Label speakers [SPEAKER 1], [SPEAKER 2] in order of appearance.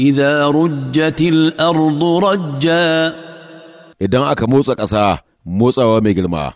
[SPEAKER 1] إذا رجت الأرض رجا إذا أكا موسى قصا موسى ومي